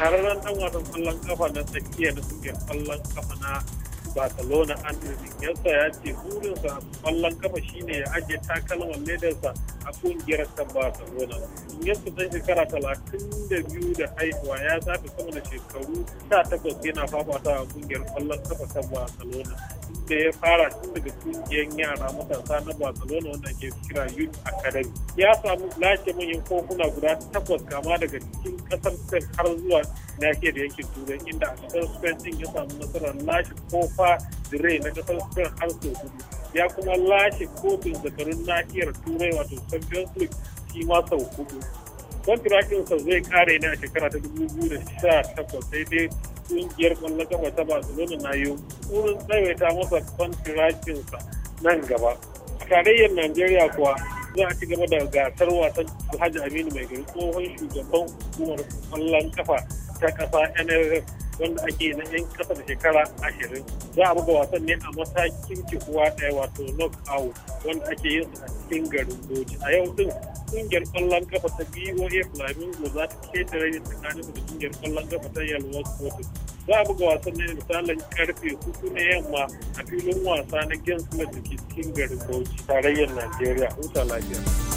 shahararren dan wasan kwallon kafa na tsakiya na kungiyar kwallon kafa na barcelona anderson yansa ya ce burinsa kwallon kafa shine ya ajiye takalman ledarsa a kungiyar ta barcelona yansa dan shekara talatin da biyu da haihuwa ya zafi sama da shekaru sha takwas yana fafata a kungiyar kwallon kafa ta barcelona da ya fara tun daga kungiyar yara matasa na barcelona wanda ke kira youth academy ya samu lashe manyan kofuna guda takwas kama daga cikin kasar spain har zuwa da yankin turai inda a kasar spain din ya samu nasarar lashe kofa dire na kasar spain har sau hudu ya kuma lashe kofin zakarun nahiyar turai wato champions league shi ma sau hudu sau zai kare ne a shekara ta dubu biyu da sha takwas sai dai kungiyar kwallon kafa ta barcelona na yi wurin tsawaita masa kwantirakinsa nan gaba a tarayyar najeriya kuwa za a ci gaba da gasar wasan alhaji aminu mai gari tsohon shugaban hukumar kwallon kafa ta kasa nff wanda ake na 'yan kasa da shekara ashirin za a buga wasan ne a matakin cikuwa ɗaya wato knock out wanda ake yin a cikin garin doji a yau din kungiyar kwallon kafa ta BOA Flamingo za ta keta rai tsakanin da kungiyar kwallon kafa ta Yalwa Sports za a buga wasan ne misalin karfe hudu na yamma a filin wasa na Gens da ke cikin garin doji tarayyar Najeriya hutu lafiya.